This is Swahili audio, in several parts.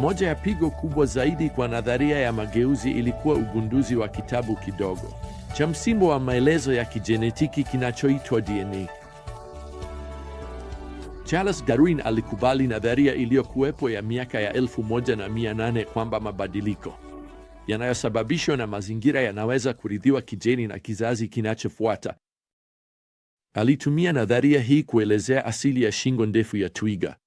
Moja ya pigo kubwa zaidi kwa nadharia ya mageuzi ilikuwa ugunduzi wa kitabu kidogo cha msimbo wa maelezo ya kijenetiki kinachoitwa DNA. Charles Darwin alikubali nadharia iliyokuwepo ya miaka ya 1800 kwamba mabadiliko yanayosababishwa na mazingira yanaweza kurithiwa kijeni na kizazi kinachofuata. Alitumia nadharia hii kuelezea asili ya shingo ndefu ya twiga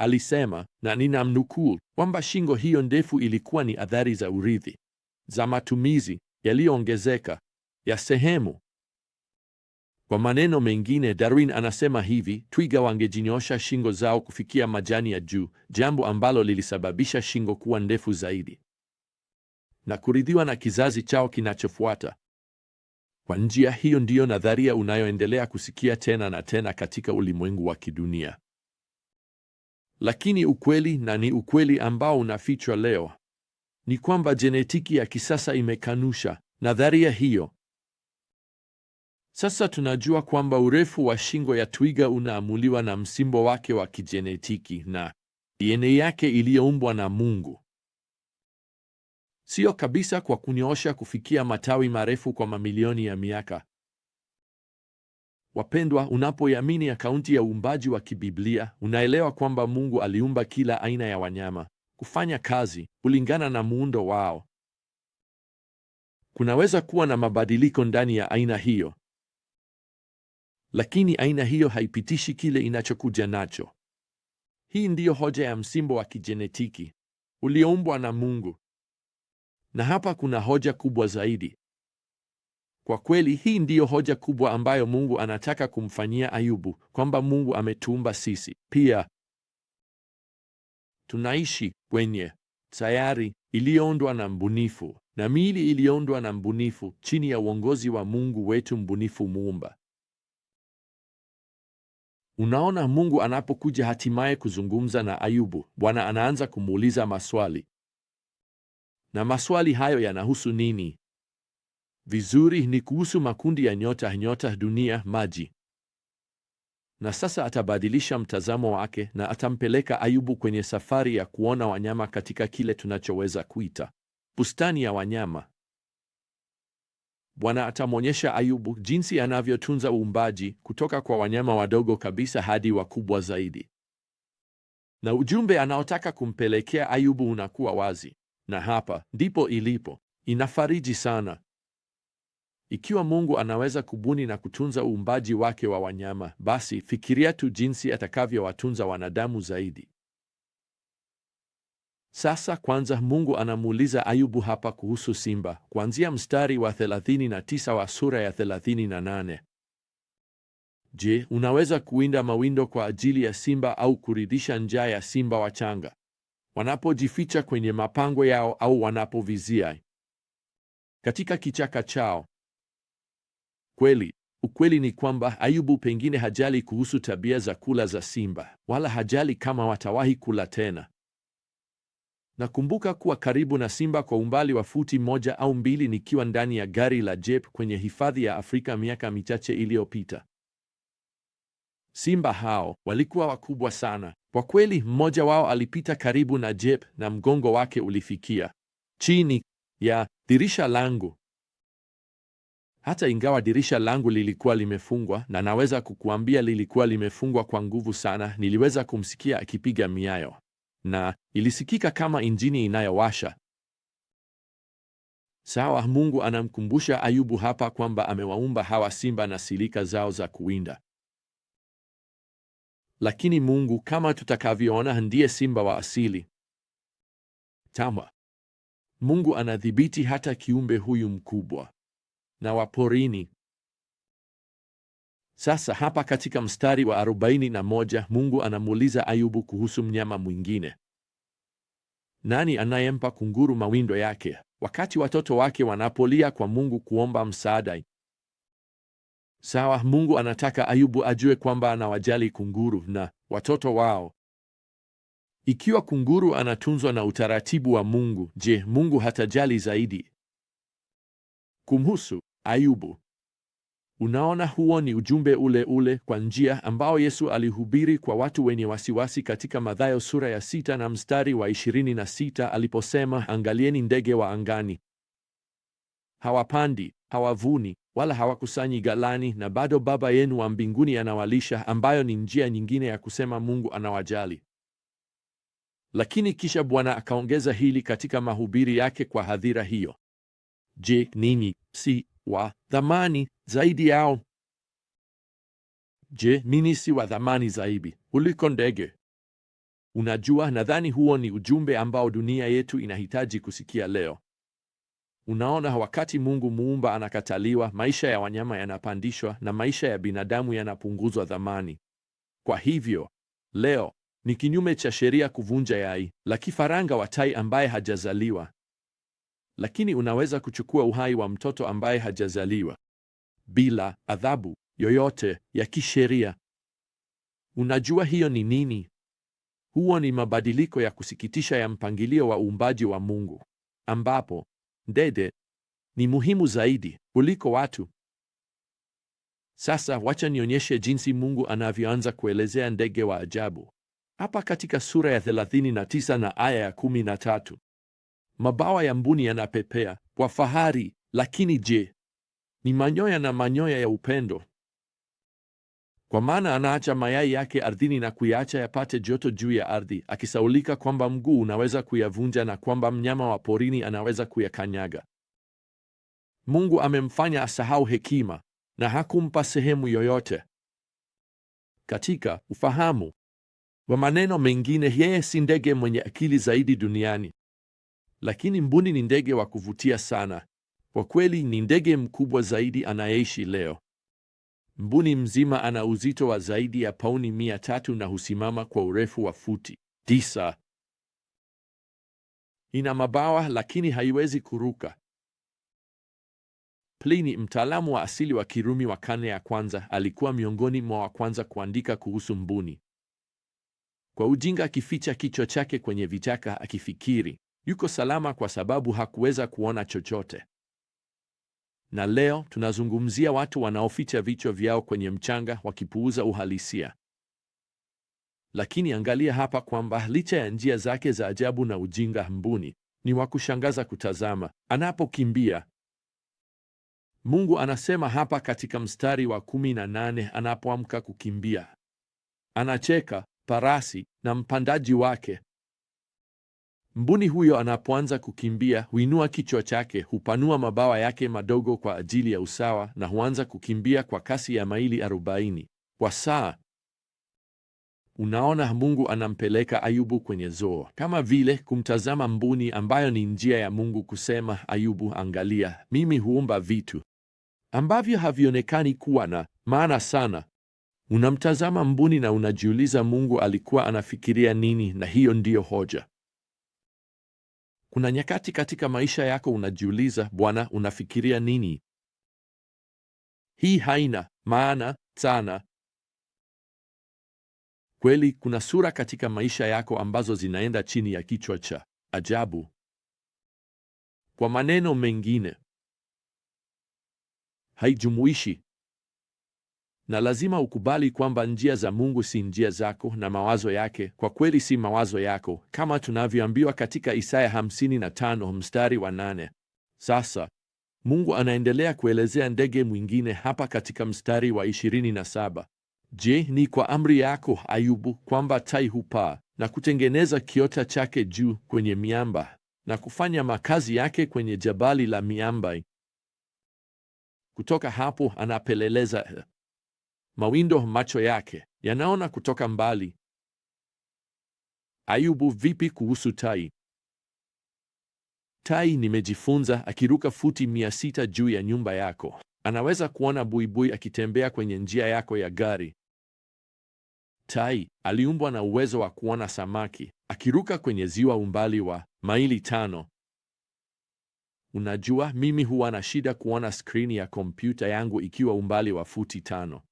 alisema, na ninamnukuu, kwamba shingo hiyo ndefu ilikuwa ni athari za urithi za matumizi yaliyoongezeka ya sehemu. Kwa maneno mengine, Darwin anasema hivi, twiga wangejinyosha shingo zao kufikia majani ya juu, jambo ambalo lilisababisha shingo kuwa ndefu zaidi na kurithiwa na kizazi chao kinachofuata. Kwa njia hiyo, ndiyo nadharia unayoendelea kusikia tena na tena katika ulimwengu wa kidunia. Lakini ukweli, na ni ukweli ambao unafichwa leo, ni kwamba jenetiki ya kisasa imekanusha nadharia hiyo. Sasa tunajua kwamba urefu wa shingo ya twiga unaamuliwa na msimbo wake wa kijenetiki na DNA yake iliyoumbwa na Mungu, sio kabisa kwa kunyoosha kufikia matawi marefu kwa mamilioni ya miaka, Wapendwa, unapoiamini akaunti ya uumbaji wa kibiblia, unaelewa kwamba Mungu aliumba kila aina ya wanyama kufanya kazi kulingana na muundo wao. Kunaweza kuwa na mabadiliko ndani ya aina hiyo, lakini aina hiyo haipitishi kile inachokuja nacho. Hii ndiyo hoja ya msimbo wa kijenetiki ulioumbwa na Mungu. Na hapa kuna hoja kubwa zaidi. Kwa kweli hii ndiyo hoja kubwa ambayo Mungu anataka kumfanyia Ayubu, kwamba Mungu ametuumba sisi pia. Tunaishi kwenye sayari iliyoundwa na mbunifu na miili iliyoundwa na mbunifu chini ya uongozi wa Mungu wetu mbunifu muumba. Unaona, Mungu anapokuja hatimaye kuzungumza na Ayubu, Bwana anaanza kumuuliza maswali, na maswali hayo yanahusu nini? vizuri ni kuhusu makundi ya nyota, nyota, dunia, maji. Na sasa atabadilisha mtazamo wake na atampeleka Ayubu kwenye safari ya kuona wanyama katika kile tunachoweza kuita bustani ya wanyama. Bwana atamwonyesha Ayubu jinsi anavyotunza uumbaji kutoka kwa wanyama wadogo kabisa hadi wakubwa zaidi. Na ujumbe anaotaka kumpelekea Ayubu unakuwa wazi. Na hapa ndipo ilipo. Inafariji sana. Ikiwa Mungu anaweza kubuni na kutunza uumbaji wake wa wanyama, basi fikiria tu jinsi atakavyowatunza wanadamu zaidi. Sasa kwanza, Mungu anamuuliza Ayubu hapa kuhusu simba, kuanzia mstari wa 39 wa sura ya 38. Je, unaweza kuwinda mawindo kwa ajili ya simba au kuridhisha njaa ya simba wachanga wanapojificha kwenye mapango yao au wanapovizia katika kichaka chao? kweli. Ukweli ni kwamba Ayubu pengine hajali kuhusu tabia za kula za simba, wala hajali kama watawahi kula tena. Nakumbuka kuwa karibu na simba kwa umbali wa futi moja au mbili nikiwa ndani ya gari la jeep kwenye hifadhi ya Afrika miaka michache iliyopita. Simba hao walikuwa wakubwa sana kwa kweli. Mmoja wao alipita karibu na jeep na mgongo wake ulifikia chini ya dirisha langu hata ingawa dirisha langu lilikuwa limefungwa, na naweza kukuambia lilikuwa limefungwa kwa nguvu sana, niliweza kumsikia akipiga miayo na ilisikika kama injini inayowasha. Sawa, Mungu anamkumbusha Ayubu hapa kwamba amewaumba hawa simba na silika zao za kuwinda, lakini Mungu kama tutakavyoona, ndiye simba wa asili tama. Mungu anadhibiti hata kiumbe huyu mkubwa na waporini. Sasa hapa katika mstari wa arobaini na moja Mungu anamuuliza Ayubu kuhusu mnyama mwingine. Nani anayempa kunguru mawindo yake wakati watoto wake wanapolia kwa Mungu kuomba msaada? Sawa, Mungu anataka Ayubu ajue kwamba anawajali kunguru na watoto wao. Ikiwa kunguru anatunzwa na utaratibu wa Mungu, je, Mungu hatajali zaidi kumhusu? Ayubu. Unaona, huo ni ujumbe ule ule kwa njia ambao Yesu alihubiri kwa watu wenye wasiwasi katika Mathayo sura ya sita na mstari wa ishirini na sita aliposema, angalieni ndege wa angani, hawapandi, hawavuni, wala hawakusanyi ghalani, na bado Baba yenu wa mbinguni anawalisha, ambayo ni njia nyingine ya kusema Mungu anawajali. Lakini kisha Bwana akaongeza hili katika mahubiri yake kwa hadhira hiyo: Je, ninyi si wa dhamani zaidi yao. Je, mimi si wa dhamani zaidi kuliko ndege? Unajua, nadhani huo ni ujumbe ambao dunia yetu inahitaji kusikia leo. Unaona, wakati Mungu muumba anakataliwa, maisha ya wanyama yanapandishwa na maisha ya binadamu yanapunguzwa dhamani Kwa hivyo leo ni kinyume cha sheria kuvunja yai la kifaranga wa tai ambaye hajazaliwa lakini unaweza kuchukua uhai wa mtoto ambaye hajazaliwa bila adhabu yoyote ya kisheria. Unajua hiyo ni nini? Huo ni mabadiliko ya kusikitisha ya mpangilio wa uumbaji wa Mungu, ambapo ndege ni muhimu zaidi kuliko watu. Sasa wacha nionyeshe jinsi Mungu anavyoanza kuelezea ndege wa ajabu hapa katika sura ya 39 na aya ya 13. Mabawa ya mbuni yanapepea kwa fahari, lakini je, ni manyoya na manyoya ya upendo? Kwa maana anaacha mayai yake ardhini na kuyaacha yapate joto juu ya ardhi, akisaulika kwamba mguu unaweza kuyavunja na kwamba mnyama wa porini anaweza kuyakanyaga. Mungu amemfanya asahau hekima na hakumpa sehemu yoyote katika ufahamu. Kwa maneno mengine, yeye si ndege mwenye akili zaidi duniani, lakini mbuni ni ndege wa kuvutia sana. Kwa kweli ni ndege mkubwa zaidi anayeishi leo. Mbuni mzima ana uzito wa zaidi ya pauni mia tatu na husimama kwa urefu wa futi tisa. Ina mabawa lakini haiwezi kuruka. Plini, mtaalamu wa asili wa Kirumi wa karne ya kwanza, alikuwa miongoni mwa wa kwanza kuandika kuhusu mbuni. Kwa ujinga akificha kichwa chake kwenye vichaka akifikiri yuko salama kwa sababu hakuweza kuona chochote. Na leo tunazungumzia watu wanaoficha vichwa vyao kwenye mchanga wakipuuza uhalisia. Lakini angalia hapa kwamba licha ya njia zake za ajabu na ujinga, mbuni ni wa kushangaza kutazama anapokimbia. Mungu anasema hapa katika mstari wa kumi na nane anapoamka kukimbia, anacheka parasi na mpandaji wake Mbuni huyo anapoanza kukimbia huinua kichwa chake, hupanua mabawa yake madogo kwa ajili ya usawa, na huanza kukimbia kwa kasi ya maili 40 kwa saa. Unaona, Mungu anampeleka Ayubu kwenye zoo, kama vile kumtazama mbuni, ambayo ni njia ya Mungu kusema, Ayubu, angalia, mimi huumba vitu ambavyo havionekani kuwa na maana sana. Unamtazama mbuni na unajiuliza Mungu alikuwa anafikiria nini? Na hiyo ndiyo hoja kuna nyakati katika maisha yako unajiuliza, Bwana, unafikiria nini? Hii haina maana sana. Kweli, kuna sura katika maisha yako ambazo zinaenda chini ya kichwa cha ajabu. Kwa maneno mengine, haijumuishi na lazima ukubali kwamba njia za Mungu si njia zako na mawazo yake kwa kweli si mawazo yako, kama tunavyoambiwa katika Isaya 55 mstari wa 8. Sasa Mungu anaendelea kuelezea ndege mwingine hapa katika mstari wa 27. Je, ni kwa amri yako, Ayubu, kwamba tai hupaa na kutengeneza kiota chake juu kwenye miamba na kufanya makazi yake kwenye jabali la miamba? Kutoka hapo anapeleleza mawindo macho yake yanaona kutoka mbali. Ayubu, vipi kuhusu tai? Tai, nimejifunza, akiruka futi mia sita juu ya nyumba yako, anaweza kuona buibui akitembea kwenye njia yako ya gari. Tai aliumbwa na uwezo wa kuona samaki akiruka kwenye ziwa umbali wa maili tano. Unajua, mimi huwa na shida kuona skrini ya kompyuta yangu ikiwa umbali wa futi tano.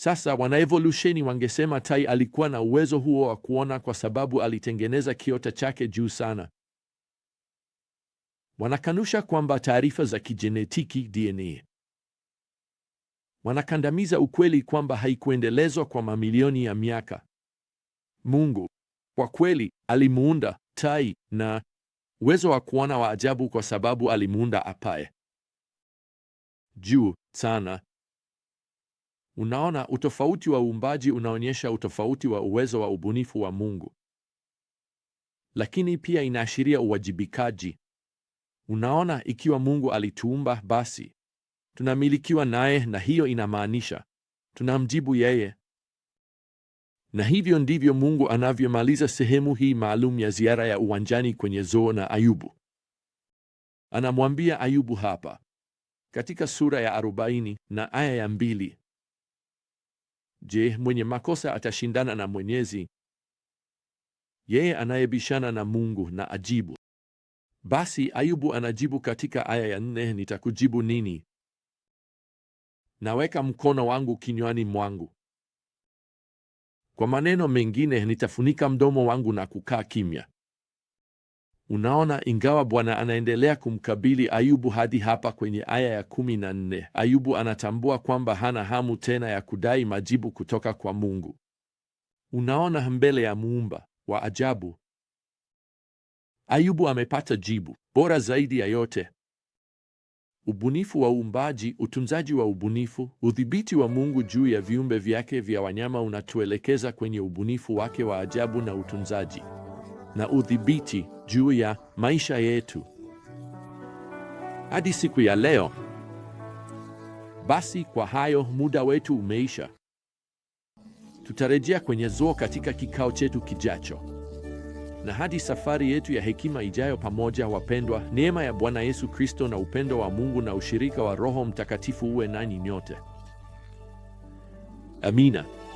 Sasa wanaevolusheni wangesema tai alikuwa na uwezo huo wa kuona kwa sababu alitengeneza kiota chake juu sana. Wanakanusha kwamba taarifa za kijenetiki DNA. Wanakandamiza ukweli kwamba haikuendelezwa kwa mamilioni ya miaka. Mungu kwa kweli alimuunda tai na uwezo wa kuona wa ajabu kwa sababu alimuunda apae juu sana Unaona, utofauti wa uumbaji unaonyesha utofauti wa uwezo wa ubunifu wa Mungu, lakini pia inaashiria uwajibikaji. Unaona, ikiwa Mungu alituumba, basi tunamilikiwa naye, na hiyo inamaanisha tunamjibu yeye. Na hivyo ndivyo Mungu anavyomaliza sehemu hii maalum ya ziara ya uwanjani kwenye zoo na Ayubu. Anamwambia Ayubu hapa katika sura ya 40 na aya ya 2 Je, mwenye makosa atashindana na Mwenyezi? Yeye anayebishana na Mungu na ajibu. Basi Ayubu anajibu katika aya ya nne, nitakujibu nini? Naweka mkono wangu kinywani mwangu. Kwa maneno mengine, nitafunika mdomo wangu na kukaa kimya. Unaona, ingawa Bwana anaendelea kumkabili Ayubu hadi hapa kwenye aya ya kumi na nne, Ayubu anatambua kwamba hana hamu tena ya kudai majibu kutoka kwa Mungu. Unaona, mbele ya muumba wa ajabu Ayubu amepata jibu bora zaidi ya yote. Ubunifu wa uumbaji, utunzaji wa ubunifu, udhibiti wa Mungu juu ya viumbe vyake vya wanyama unatuelekeza kwenye ubunifu wake wa ajabu na utunzaji na udhibiti juu ya maisha yetu hadi siku ya leo. Basi kwa hayo, muda wetu umeisha. Tutarejea kwenye zoo katika kikao chetu kijacho, na hadi safari yetu ya hekima ijayo pamoja, wapendwa, neema ya Bwana Yesu Kristo na upendo wa Mungu na ushirika wa Roho Mtakatifu uwe nanyi nyote. Amina.